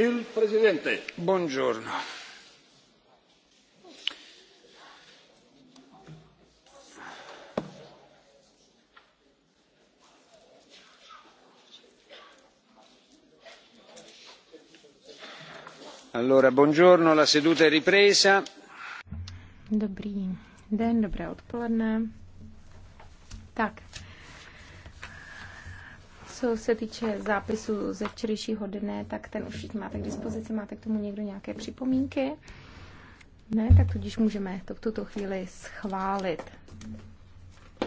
il presidente. Buongiorno. Allora, buongiorno, la seduta è ripresa. Dobrý den, dobré odpoledne. Tak, co se týče zápisu ze včerejšího dne, tak ten už máte k dispozici. Máte k tomu někdo nějaké připomínky? Ne, tak tudíž můžeme to v tuto chvíli schválit.